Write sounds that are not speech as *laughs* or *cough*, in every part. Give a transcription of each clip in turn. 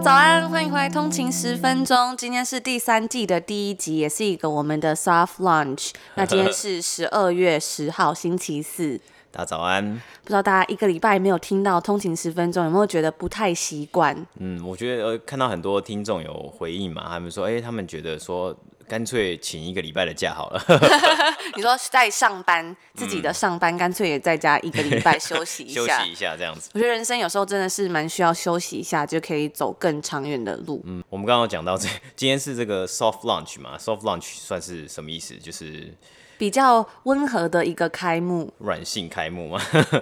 早安，歡迎回來《通勤十分鐘》。今天是第三季的第一集，也是一個我們的 soft launch。那今天是十二月十號，星期四。大家早安，不知道大家一個禮拜沒有聽到《通勤十分鐘》，有沒有覺得不太習慣？嗯，我覺得看到很多聽眾有回應嘛，他們說：“哎，他們覺得說。”乾脆請一個禮拜的假好了 *laughs* 你說在上班，自己的上班乾脆也在家一個禮拜休息一下， *laughs* 休息一下這樣子。我覺得人生有時候真的是蠻需要休息一下，就可以走更長遠的路。嗯，我們剛剛講到這，今天是這個 soft launch 嘛，soft launch 算是什麼意思？就是。比較溫和的一個開幕，軟性開幕嘛。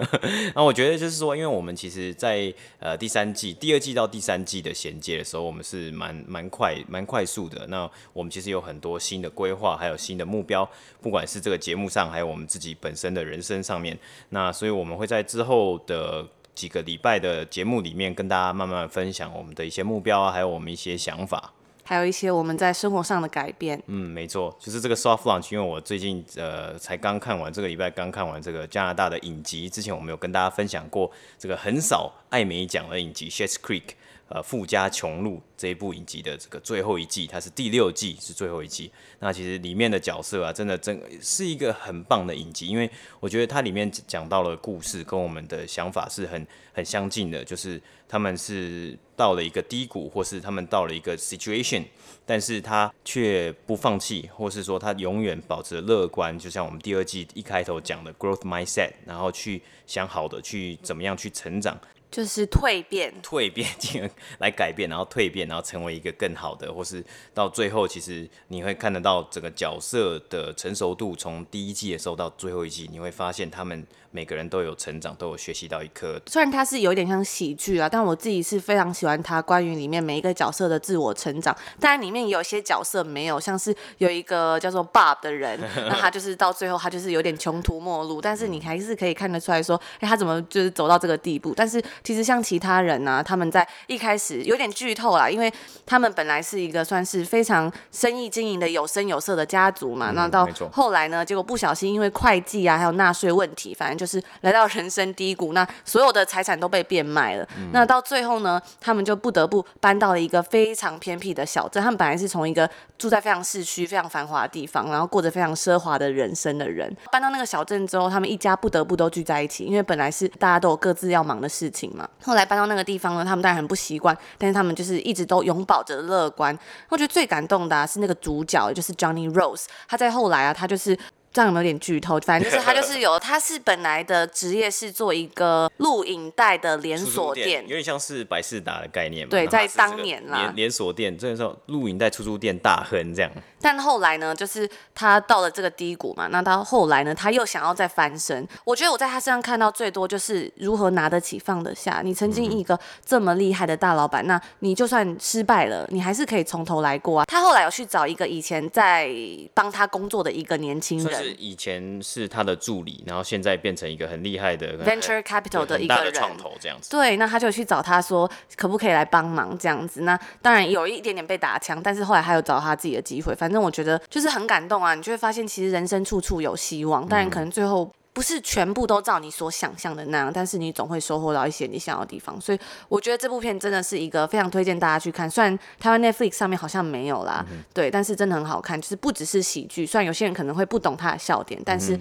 *laughs* 那我覺得就是說，因為我們其實在，在呃第三季、第二季到第三季的銜接的時候，我們是蠻蠻快、蠻快速的。那我們其實有很多新的規劃，還有新的目標，不管是這個節目上，還有我們自己本身的人生上面。那所以，我們會在之後的幾個禮拜的節目裡面，跟大家慢慢分享我們的一些目標啊，還有我們一些想法。還有一些我們在生活上的改變。嗯，沒錯，就是這個 soft launch。因為我最近呃才剛看完，這個禮拜剛看完這個加拿大的影集。之前我們有跟大家分享過這個很少艾美獎的影集《Schitt's Creek》。呃、啊，《富家窮路》這一部影集的這個最後一季，它是第六季，是最後一季。那其實裡面的角色啊，真的真的是一個很棒的影集，因為我覺得它裡面講到了故事，跟我們的想法是很很相近的。就是他們是到了一個低谷，或是他們到了一個 situation，但是他卻不放棄，或是說他永遠保持樂觀。就像我們第二季一開頭講的 growth mindset，然後去想好的，去怎麼樣去成長。就是蛻變，蛻變進來改變，然後蛻變，然後成為一個更好的，或是到最後，其實你會看得到整個角色的成熟度，從第一季的時候到最後一季，你會發現他們，每個人都有成長，都有學習到一課。雖然他是有點像喜劇啦、啊，但我自己是非常喜歡他關於裡面每一個角色的自我成長，當然裡面有些角色沒有，像是有一個叫做 Bob 的人， *laughs* 那他就是到最後他就是有點窮途末路，但是你還是可以看得出來說，哎、欸，他怎麼就是走到這個地步？但是其實像其他人啊，他們在一開始有點劇透啦，因為他們本來是一個算是非常生意經營的有聲有色的家族嘛，那、嗯、到後來呢，結果不小心因為會計啊還有納稅問題，反正。就是來到人生低谷，那所有的財產都被變賣了，嗯。那到最後呢，他們就不得不搬到了一個非常偏僻的小鎮。他們本來是從一個住在非常市區、非常繁華的地方，然後過着非常奢華的人生的人，搬到那個小鎮之後，他們一家不得不都聚在一起，因為本來是大家都有各自要忙的事情嘛。後來搬到那個地方呢，他們當然很不習慣，但是他們就是一直都擁抱着樂觀。我覺得最感動的啊，是那個主角，就是 Johnny Rose，他在後來啊，他就是。這樣有沒有，有點劇透？反 *laughs* 正就是他就是有，他是本來的職業是做一個錄影帶的連鎖店、店，有點像是百視達的概念嘛。對，在當年啦，連連鎖店，那時候錄影帶出租店大亨這樣。但後來呢，就是他到了這個低谷嘛，那到後來呢，他又想要再翻身。我覺得我在他身上看到最多就是如何拿得起放得下。你曾經一個這麼厲害的大老闆，那你就算失敗了，你還是可以從頭來過啊。他後來有去找一個以前在幫他工作的一個年輕人，就是以前是他的助理，然後現在變成一個很厲害的 venture capital 的一個創投這樣子。對，那他就去找他說可不可以來幫忙這樣子。那當然有一點點被打槍，但是後來他又找他自己的機會。反正我覺得就是很感動啊，你就會發現其實人生處處有希望。當然，可能最後不是全部都照你所想象的那樣，但是你總會收穫到一些你想要的地方。所以我覺得這部片真的是一個非常推薦大家去看。雖然台灣 Netflix 上面好像沒有啦，嗯、對，但是真的很好看，就是不只是喜劇。雖然有些人可能會不懂他的笑點，但是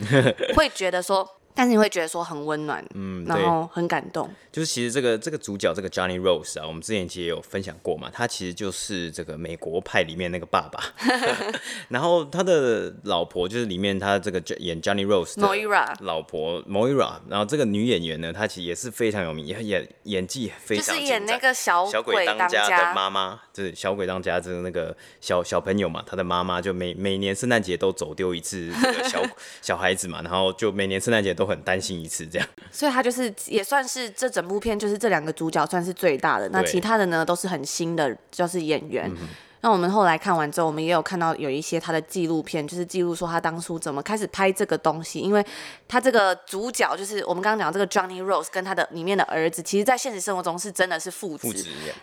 會覺得說。但是你會覺得說很溫暖，嗯，然後很感動。就是其實這個這個主角這個 Johnny Rose 啊，我們之前其實也有分享過嘛。他其實就是這個美國派裡面那個爸爸， *laughs* *laughs* 然後他的老婆就是裡面他這個演 Johnny Rose Moira 老婆 Moira。Moira，然後這個女演員呢，她其實也是非常有名，也演演技也非常就是演那個小鬼當家的媽媽， *laughs* 就是小鬼當家就是那個小小朋友嘛，他的媽媽就每每年聖誕節都走丟一次這個小 *laughs* 小孩子嘛，然後就每年聖誕節都。我很擔心一次這樣，所以他就是也算是這整部片，就是這兩個主角算是最大的。那其他的呢，都是很新的，就是演員。嗯那我們後來看完之後，我們也有看到有一些他的紀錄片，就是記錄說他當初怎麼開始拍這個東西。因為他這個主角就是我們剛剛講這個 Johnny Rose 跟他的裡面的兒子，其實，在現實生活中是真的是父子。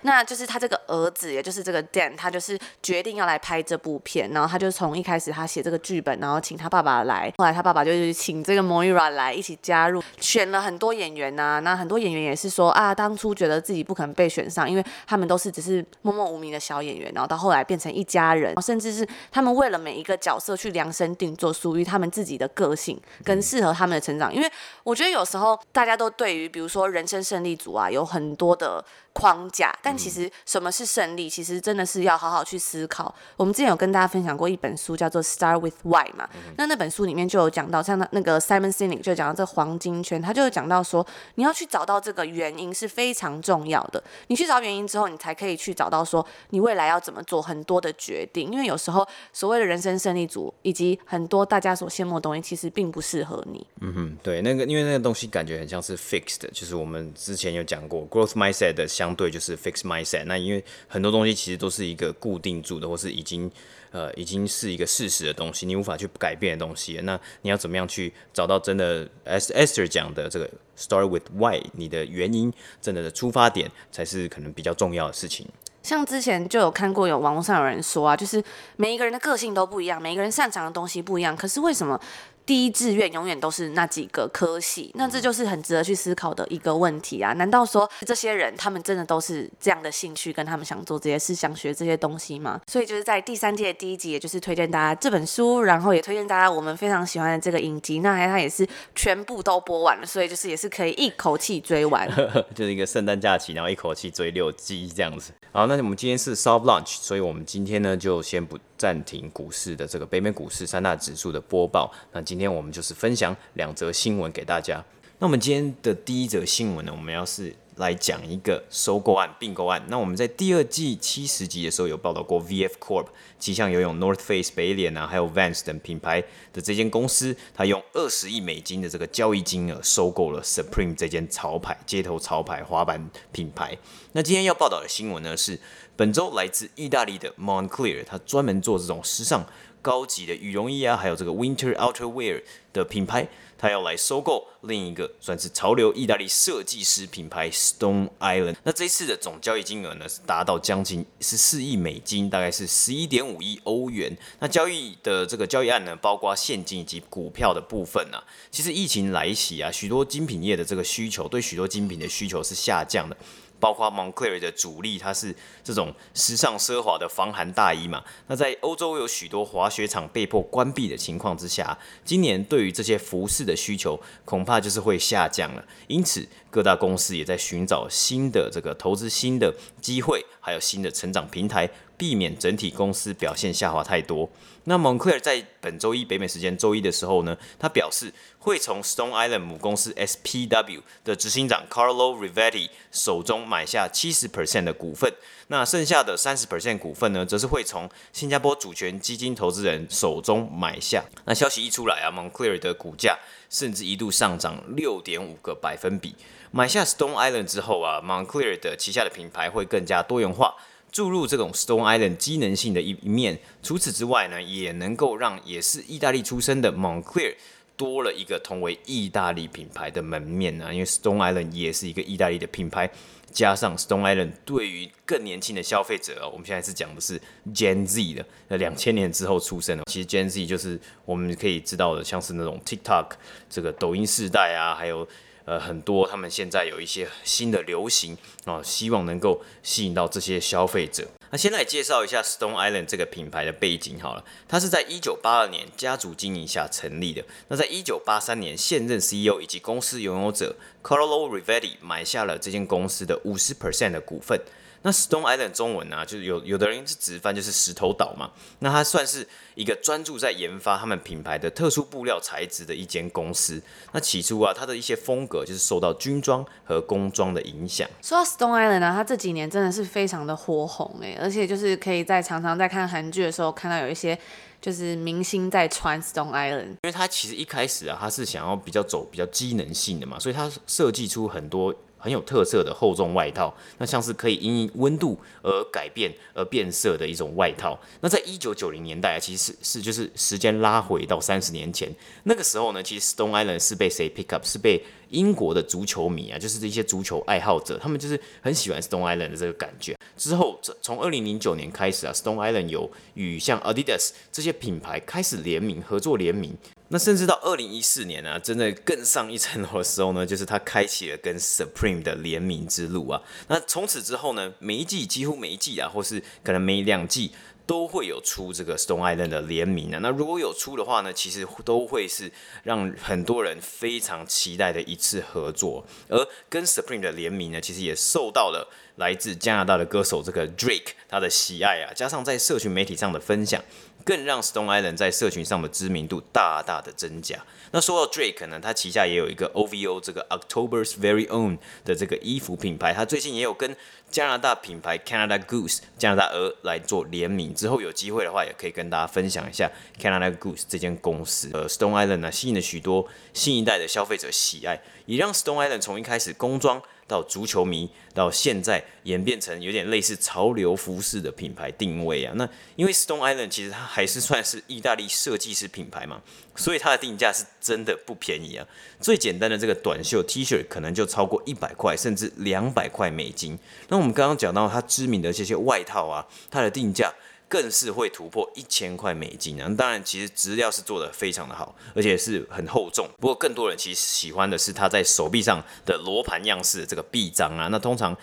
那就是他這個兒子，也就是這個 Dan，他就是決定要來拍這部片。然後他就從一開始他寫這個劇本，然後請他爸爸來。後來他爸爸就是請這個 Moira 來一起加入，選了很多演員吶啊，那很多演員也是說啊，當初覺得自己不可能被選上，因為他們都是只是默默無名的小演員，然後到。後來變成一家人，甚至是他們為了每一個角色去量身定做，屬於他們自己的個性，跟適合他們的成長。因為我覺得有時候大家都對於，比如說《人生勝利組》啊，有很多的。框架，但其實什麼是勝利、嗯？其實真的是要好好去思考。我們之前有跟大家分享過一本書，叫做《Start with Why》嘛、嗯。那那本書裡面就有講到，像那那個 Simon Sinek 就講到這黃金圈，他就講到說，你要去找到這個原因是非常重要的。你去找原因之後，你才可以去找到說你未來要怎麼做很多的決定。因為有時候所謂的人生勝利組，以及很多大家所羨慕的東西，其實並不適合你。嗯哼，對，那個因為那個東西感覺很像是 fixed，就是我們之前有講過 growth mindset 的。相對就是 fixed mindset，那因為很多東西其實都是一個固定住的，或是已經呃已經是一個事實的東西，你無法去改變的東西。那你要怎麼樣去找到真的 as Esther 講的這個 start with why，你的原因，真的的出發點，才是可能比較重要的事情。像之前就有看過，有網絡上有人說啊，就是每一個人的個性都不一樣，每一個人擅長的東西不一樣。可是為什麼第一志願永遠都是那幾個科系？那這就是很值得去思考的一個問題啊！難道說這些人他們真的都是這樣的興趣，跟他們想做這些事、想學這些東西嗎？所以就是在第三季的第一集，也就是推薦大家這本書，然後也推薦大家我們非常喜歡的這個影集。那它也是全部都播完了，所以就是也是可以一口氣追完， *laughs* 就是一個聖誕假期，然後一口氣追六集這樣子。然後那。那我們今天是 soft launch，所以我們今天呢就先不暫停股市的這個北美股市三大指數的播報。那今天我們就是分享兩則新聞給大家。那我們今天的第一則新聞呢，我們要是。來講一個收購案、併購案。那我們在第二季七十集的時候有報道過 VF Corp，旗下擁有、North Face b a 北臉啊，還有 Vans 等品牌的這間公司，它用二十億美金的這個交易金額收購了 Supreme 這間潮牌、街頭潮牌、滑板品牌。那今天要報道的新聞呢，是本周來自意大利的 Moncler，它專門做這種時尚、高級的羽絨衣啊，還有這個 Winter Outerwear 的品牌。他要來收購另一個算是潮流意大利設計師品牌 Stone Island。那這一次的總交易金額呢，是達到將近十四億美金，大概是十一點五億歐元。那交易的這個交易案呢，包括現金以及股票的部分啊。其實疫情來襲啊，許多精品業的這個需求，對許多精品的需求是下降的。包括 Moncler 的主力，它是這種時尚奢華的防寒大衣嘛。那在歐洲有許多滑雪場被迫關閉的情況之下，今年對於這些服飾的需求恐怕就是會下降了。因此，各大公司也在尋找新的這個投資新的機會，還有新的成長平台。避免整體公司表現下滑太多。那 Moncler 在本周一北美時間周一的時候呢，他表示會從 Stone Island 母公司 SPW 的執行長 Carlo Rivetti 手中買下70%的股份。那剩下的30%股份呢，則是會從新加坡主權基金投資人手中買下。那消息一出來啊，Moncler 的股價甚至一度上漲6.5個百分比。買下 Stone Island 之後啊，Moncler 的旗下的品牌會更加多元化。注入這種 Stone Island 機能性的一一面，除此之外呢，也能夠讓也是意大利出身的 Moncler 多了一個同為意大利品牌的門面啊，因為 Stone Island 也是一個意大利的品牌，加上 Stone Island 對於更年輕的消費者，我們現在是講的是 Gen Z 的，那兩千年之後出生的，其實 Gen Z 就是我們可以知道的，像是那種 TikTok 這個抖音世代啊，還有。呃，很多他們現在有一些新的流行啊、呃，希望能夠吸引到這些消費者。那先來介紹一下 Stone Island 這個品牌的背景好了，它是在1982年家族經營下成立的。那在1983年，現任 CEO 以及公司擁有者 Carlo Rivetti 買下了這間公司的50%的股份。那 Stone Island 中文呢，就是有有的人是直翻，就是石頭島嘛。那它算是一個專注在研發他們品牌的特殊布料材質的一間公司。那起初啊，它的一些風格就是受到軍裝和工裝的影響。說到 Stone Island 啊，它這幾年真的是非常的火紅誒，而且就是可以在常常在看韓劇的時候看到有一些就是明星在穿 Stone Island，因為它其實一開始啊，它是想要比較走比較機能性的嘛，所以它設計出很多。很有特色的厚重外套，那像是可以因溫度而改變而變色的一種外套。那在一九九零年代啊，其實是，是就是時間拉回到三十年前，那個時候呢，其實 Stone Island 是被誰 pick up？是被英國的足球迷啊，就是這些足球愛好者，他們就是很喜歡 Stone Island 的這個感覺。之後，從二零零九年開始啊，Stone Island 有與像 Adidas 這些品牌開始聯名合作聯名。那甚至到二零一四年呢啊，真的更上一層樓的時候呢，就是他開啟了跟 Supreme 的聯名之路啊。那從此之後呢，每一季，幾乎每一季啊，或是可能每兩季都會有出這個 Stone Island 的聯名啊。那如果有出的話呢，其實都會是讓很多人非常期待的一次合作。而跟 Supreme 的聯名呢，其實也受到了來自加拿大的歌手這個 Drake 他的喜愛啊，加上在社群媒體上的分享。更讓 Stone Island 在社群上的知名度大大的增加。那說到 Drake 呢，他旗下也有一個 OVO 這個 October's Very Own 的這個衣服品牌，他最近也有跟加拿大品牌 Canada Goose 加拿大鵝來做聯名。之後有機會的話，也可以跟大家分享一下 Canada Goose 這間公司。呃，Stone Island 呢，吸引了許多新一代的消費者喜愛，也讓 Stone Island 從一開始工裝。到足球迷到現在演變成有點類似潮流服飾的品牌定位啊，那因為 Stone Island 其實它還是算是意大利設計師品牌嘛，所以它的定價是真的不便宜啊。最簡單的這個短袖 T 恤可能就超過一百塊，甚至兩百塊美金。那我們剛剛講到它知名的這些外套啊，它的定價。更是會突破一千塊美金啊。當然，其實質料是做的非常的好，而且是很厚重。不過，更多人其實喜歡的是它在手臂上的羅盤樣式的這個臂章啊。那通常，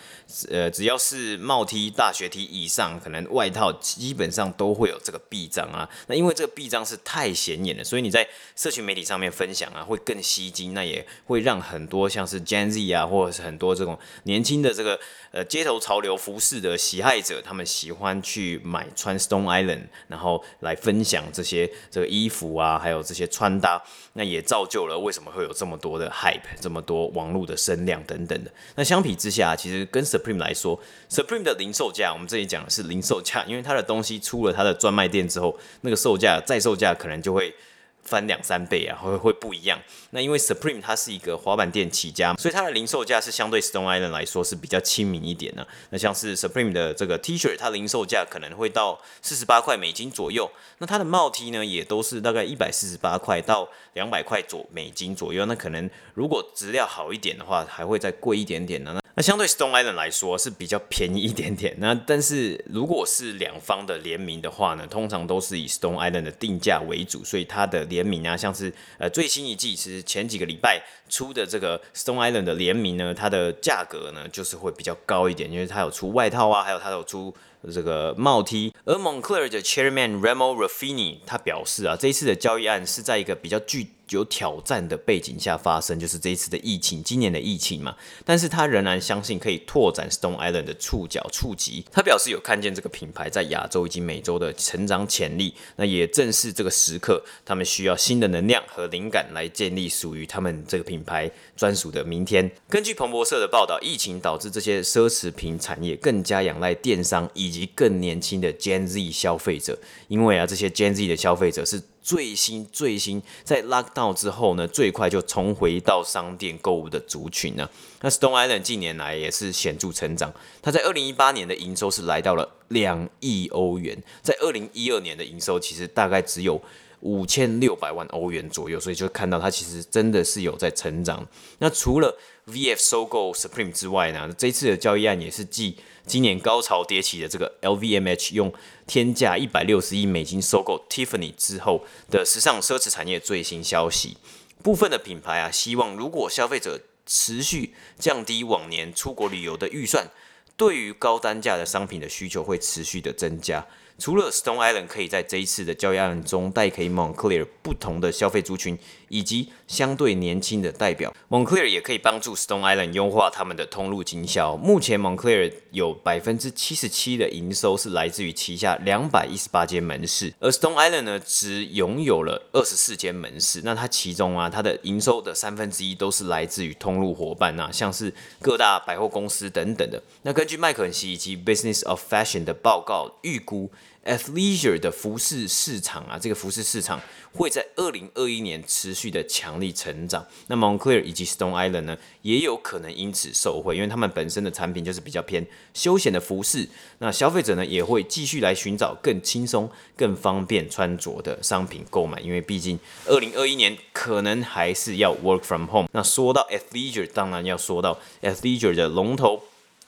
呃，只要是帽 T、大學 T 以上，可能外套基本上都會有這個臂章啊。那因為這個臂章是太顯眼了，所以你在社群媒體上面分享啊，會更吸睛。那也會讓很多像是 Gen Z 啊，或者是很多這種年輕的這個。呃，街頭潮流服飾的喜愛者，他們喜歡去買穿 Stone Island，然後來分享這些這個衣服啊，還有這些穿搭，那也造就了為什麼會有這麼多的 hype，這麼多網絡的聲量等等的。那相比之下，其實跟 Supreme 來說，Supreme 的零售價，我們這裡講的是零售價，因為它的東西出了它的專賣店之後，那個售價、再售價可能就會。翻兩三倍啊，會會不一樣。那因為 Supreme 它是一個滑板店起家，所以它的零售價是相對 Stone Island 來說是比較親民一點的啊。那像是 Supreme 的這個 T 恤，它零售價可能會到四十八塊美金左右。那它的帽 T, T 呢，也都是大概一百四十八塊到兩百塊左美金左右。那可能如果質量好一點的話，還會再貴一點點的啊。那那相對 Stone Island 來說是比較便宜一點點。那但是如果是兩方的聯名的話呢，通常都是以 Stone Island 的定價為主，所以它的。聯名啊，像是呃最新一季，其實前幾個禮拜出的這個 Stone Island 的聯名呢，它的價格呢就是會比較高一點，因為它有出外套啊，還有它有出這個帽 T。而 Moncler 的 Chairman Remo Ruffini 他表示啊，這一次的交易案是在一個比較具。有挑戰的背景下發生，就是這一次的疫情，今年的疫情嘛。但是他仍然相信可以拓展 Stone Island 的觸角、觸及。他表示有看見這個品牌在亞洲以及美洲的成長潛力。那也正是這個時刻，他們需要新的能量和靈感來建立屬於他們這個品牌專屬的明天。根據彭博社的報道，疫情導致這些奢侈品產業更加仰賴電商，以及更年輕的 Gen Z 消費者。因為啊，這些 Gen Z 的消費者是。最新最新，在 lockdown 之後呢，最快就重回到商店購物的族群呢。那 Stone Island 近年來也是顯著成長，它在二零一八年的營收是來到了兩億歐元，在二零一二年的營收其實大概只有。五千六百萬歐元左右，所以就看到它其實真的是有在成長。那除了 VF 收購 Supreme 之外呢，這一次的交易案也是繼今年高潮迭起的這個 LVMH 用天價一百六十億美金收購 Tiffany 之後的時尚奢侈產業最新消息。部分的品牌啊，希望如果消費者持續降低往年出國旅遊的預算，對於高單價的商品的需求會持續的增加。除了 Stone Island 可以在這一次的交易案中帶給 Moncler 不同的消費族群，以及相對年輕的代表 Moncler 也可以幫助 Stone Island 優化他們的通路經銷。目前 Moncler 有百分之七十七的營收是來自於旗下兩百一十八間門市，而 Stone Island 呢只擁有了二十四間門市。那它其中啊，它的營收的三分之一都是來自於通路夥伴吶、啊，像是各大百貨公司等等的。那根據麥肯錫以及 Business of Fashion 的報告預估。Athleisure 的服飾市場啊，這個服飾市場會在二零二一年持續的強力成長。那麼 Moncler 以及 Stone Island 呢，也有可能因此受惠，因為他們本身的產品就是比較偏休閒的服飾。那消費者呢，也會繼續來尋找更輕鬆、更方便穿着的商品購買。因為畢竟二零二一年可能還是要 Work from Home。那說到 Athleisure，當然要說到 Athleisure 的龍頭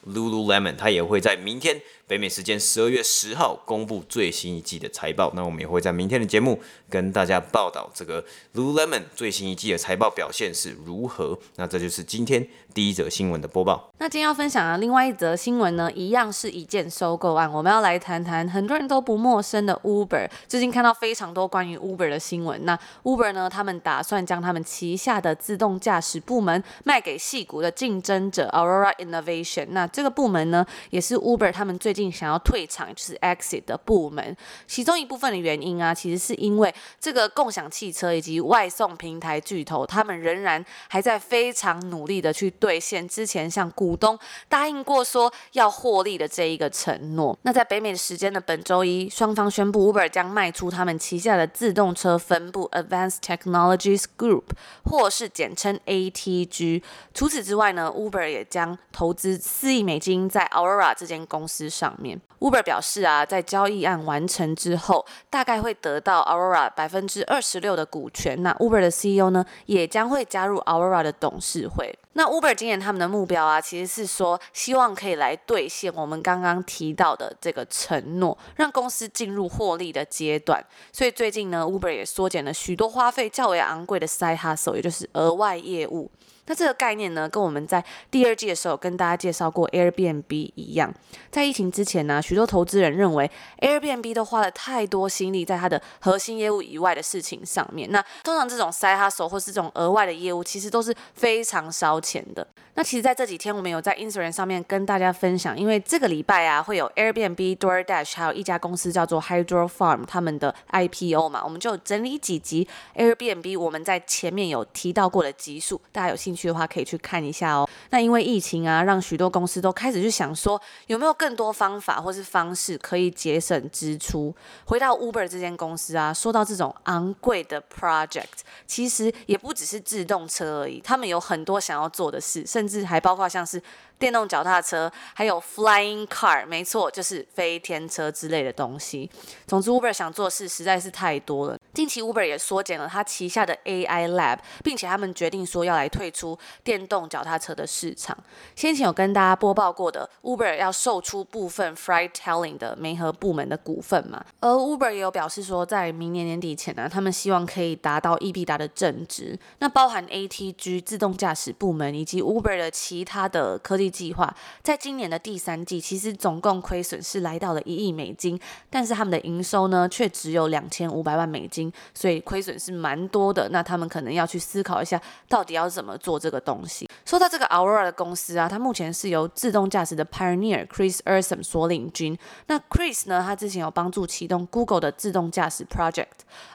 Lululemon，它也會在明天。北美時間十二月十號公布最新一季的財報，那我們也會在明天的節目跟大家報道這個 Lululemon 最新一季的財報表現是如何。那這就是今天第一則新聞的播報。那今天要分享的另外一則新聞呢，一樣是一件收購案，我們要來談談很多人都不陌生的 Uber。最近看到非常多關於 Uber 的新聞。那 Uber 呢，他們打算將他們旗下的自動駕駛部門賣給矽谷的競爭者 Aurora Innovation。那這個部門呢，也是 Uber 他們最近。想要退場就是 exit 的部門，其中一部分的原因啊，其實是因為這個共享汽車以及外送平台巨頭，他們仍然還在非常努力的去兌現之前向股東答應過說要獲利的這一個承諾。那在北美的時間的本周一，雙方宣布 Uber 將賣出他們旗下的自動車分部 Advanced Technologies Group，或是簡稱 ATG。除此之外呢，Uber 也將投資四億美金在 Aurora 這間公司上。上面，Uber 表示啊，在交易案完成之後，大概會得到 Aurora 百分之二十六的股權。那 Uber 的 CEO 呢，也將會加入 Aurora 的董事會。那 Uber 今年他們的目標啊，其實是說希望可以來兌現我們剛剛提到的這個承諾，讓公司進入獲利的階段。所以最近呢，Uber 也縮減了許多花費較為昂貴的 side hustle，也就是額外業務。那這個概念呢，跟我們在第二季的時候跟大家介紹過 Airbnb 一樣，在疫情之前呢，許多投資人認為 Airbnb 都花了太多心力在它的核心業務以外的事情上面。那通常這種 side hustle 或是這種額外的業務，其實都是非常燒錢的。那其實在這幾天，我們有在 Instagram 上面跟大家分享，因為這個禮拜啊，會有 Airbnb、DoorDash，還有一家公司叫做 Hydro Farm 他們的 IPO 嘛，我們就整理幾集 Airbnb 我們在前面有提到過的集數，大家有興去的話可以去看一下哦。那因為疫情啊，讓許多公司都開始去想說有沒有更多方法或是方式可以節省支出。回到 Uber 這間公司啊，說到這種昂貴的 project，其實也不只是自動車而已，他們有很多想要做的事，甚至還包括像是。電動腳踏車，還有 flying car，沒錯，就是飛天車之類的東西。總之，Uber 想做事實在是太多了。近期，Uber 也縮減了它旗下的 AI lab，並且他們決定說要來退出電動腳踏車的市場。先前有跟大家播報過的，Uber 要售出部分 Freight Telling 的媒合部門的股份嘛，而 Uber 也有表示說，在明年年底前呢、啊，他們希望可以達到 EBITDA 的正值，那包含 ATG 自動駕駛部門以及 Uber 的其他的科技。計劃在今年的第三季，其實總共虧損是來到了一億美金，但是他們的營收呢，卻只有兩千五百萬美金，所以虧損是蠻多的。那他們可能要去思考一下，到底要怎麼做這個東西。說到這個 Aurora 的公司啊，它目前是由自動駕駛的 Pioneer Chris Urmson 所領軍。那 Chris 呢，他之前有幫助啟動 Google 的自動駕駛 Project，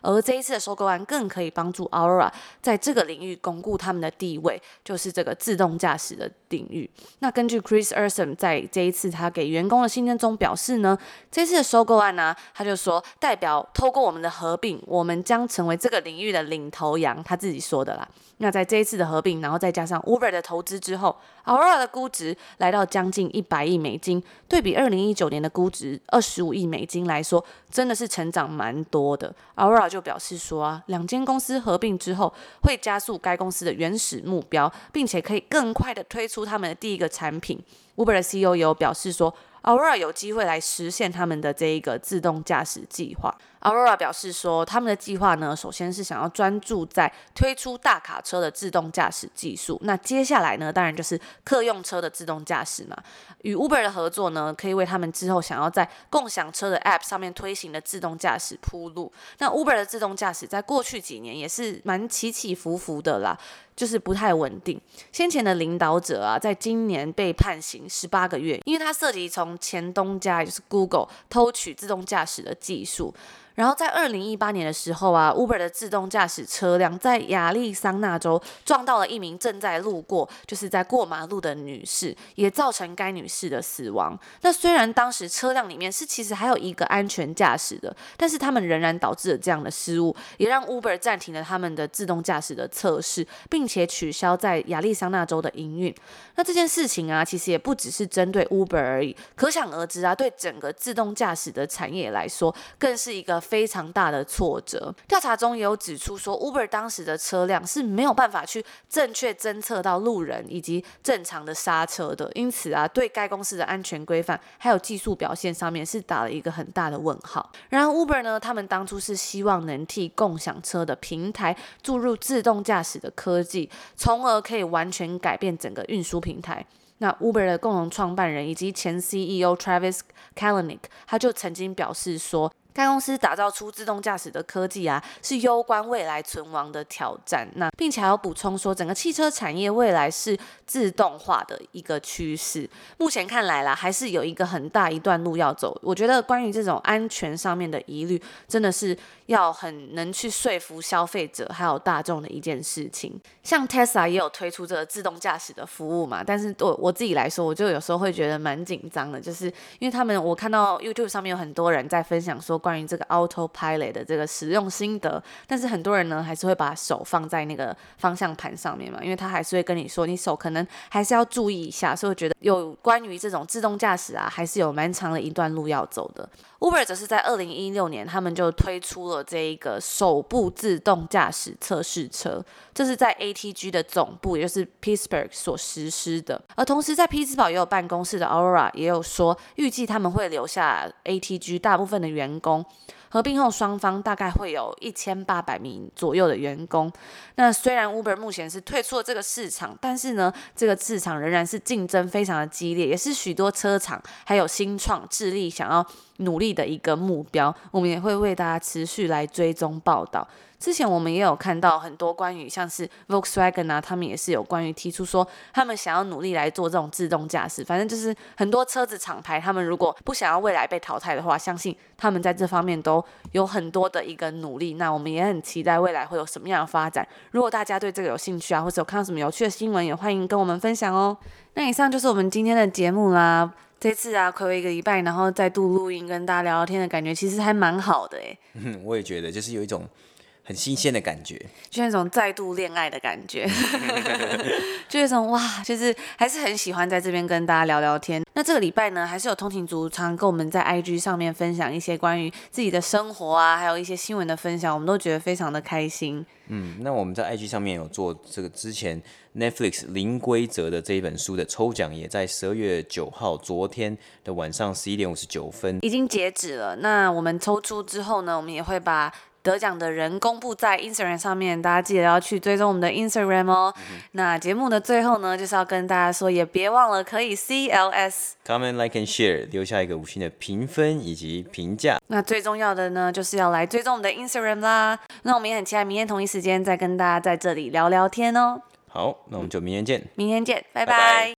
而這一次的收購案更可以幫助 Aurora 在這個領域鞏固他們的地位，就是這個自動駕駛的。領域。那根據 Chris Urmson 在這一次他給員工的信件中表示呢，這次的收購案呢，啊，他就說代表透過我們的合併，我們將成為這個領域的領頭羊。他自己說的啦。那在這一次的合併，然後再加上 Uber 的投資之後，Aurora 的估值來到將近一百億美金。對比二零一九年的估值二十五億美金來說，真的是成長蠻多的。Aurora 就表示說啊，兩間公司合併之後，會加速該公司的原始目標，並且可以更快的推出。出他們的第一個產品，Uber 的 CEO 表示說，Aurora 有機會來實現他們的這一個自動駕駛計劃。Aurora 表示說，他們的計劃呢，首先是想要專注在推出大卡車的自動駕駛技術，那接下來呢，當然就是客用車的自動駕駛嘛。與 Uber 的合作呢，可以為他們之後想要在共享車的 App 上面推行的自動駕駛鋪路。那 Uber 的自動駕駛在過去幾年也是蠻起起伏伏的啦。就是不太穩定。先前的領導者啊，在今年被判刑十八個月，因為他涉及從前東家，也就是 Google，偷取自動駕駛的技術。然後在二零一八年的時候啊，Uber 的自動駕駛車輛在亞利桑那州撞到了一名正在路過，就是在過馬路的女士，也造成該女士的死亡。那雖然當時車輛裡面是其實還有一個安全駕駛的，但是他們仍然導致了這樣的失誤，也讓 Uber 暫停了他們的自動駕駛的測試，並且取消在亞利桑那州的營運。那這件事情啊，其實也不只是針對 Uber 而已，可想而知啊，對整個自動駕駛的產業來說，更是一個。非常大的挫折。調查中也有指出說，Uber 當時的車輛是沒有辦法去正確偵測到路人以及正常的剎車的，因此啊，對該公司的安全規範還有技術表現上面是打了一個很大的問號。然而，Uber 呢，他們當初是希望能替共享車的平台注入自動駕駛的科技，從而可以完全改變整個運輸平台。那 Uber 的共同創辦人以及前 CEO Travis Kalanick，他就曾經表示說，該公司打造出自動駕駛的科技啊，是攸關未來存亡的挑戰。那，並且還要補充說，整個汽車產業未來是自動化的一個趨勢。目前看來啦，還是有一個很大一段路要走。我覺得關於這種安全上面的疑慮，真的是要很能去說服消費者還有大眾的一件事情。像 Tesla 也有推出這個自動駕駛的服務嘛，但是對我我自己來說，我就有時候會覺得蠻緊張的，就是因為他們，我看到 YouTube 上面有很多人在分享說，關於這個 autopilot 的這個使用心得，但是很多人呢，還是會把手放在那個方向盤上面嘛，因為他還是會跟你說，你手可能還是要注意一下。所以我覺得有關於這種自動駕駛啊，還是有蠻長的一段路要走的。Uber 則是在2016年，他們就推出了這一個首部自動駕駛測試車，這是在 ATG 的總部，也就是 Pittsburgh 所實施的。而同時在 Pittsburgh 也有辦公室的 Aurora 也有說，預計他們會留下 ATG 大部分的員工。合併後，雙方大概會有一千八百名左右的員工。那雖然 Uber 目前是退出了這個市場，但是呢，這個市場仍然是競爭非常的激烈，也是許多車廠還有新創致力想要努力的一個目標。我們也會為大家持續來追蹤報道。之前我們也有看到很多關於像是 Volkswagen 啊，他們也是有關於提出說他們想要努力來做這種自動駕駛。反正就是很多車子廠牌，他們如果不想要未來被淘汰的話，相信他們在這方面都有很多的一個努力。那我們也很期待未來會有什麼樣的發展。如果大家對這個有興趣啊，或者有看到什麼有趣的新聞，也歡迎跟我們分享哦。那以上就是我們今天的節目啦。這次啊，虧了一個禮拜，然後再度錄音跟大家聊聊天的感覺，其實還蠻好的誒，嗯，我也覺得就是有一種。很新鮮的感覺，就像那種再度戀愛的感覺， *laughs* 就那種哇，就是還是很喜歡在這邊跟大家聊聊天。那這個禮拜呢，還是有通勤族常常跟我們在 IG 上面分享一些關於自己的生活啊，還有一些新聞的分享，我們都覺得非常的開心。嗯，那我們在 IG 上面有做這個之前 Netflix 零規則的這一本書的抽獎，也在十二月九號昨天的晚上十一點五十九分已經截止了。那我們抽出之後呢，我們也會把。得獎的人公布在 Instagram 上面，大家記得要去追蹤我們的 Instagram 哦。嗯、那節目的最後呢，就是要跟大家說，也別忘了可以 CLS Comment, like and share，留下一個五星的評分以及評價。那最重要的呢，就是要來追蹤我們的 Instagram 啦。那我們也很期待明天同一時間再跟大家在這裡聊聊天哦。好，那我們就明天見。明天見，拜拜。Bye bye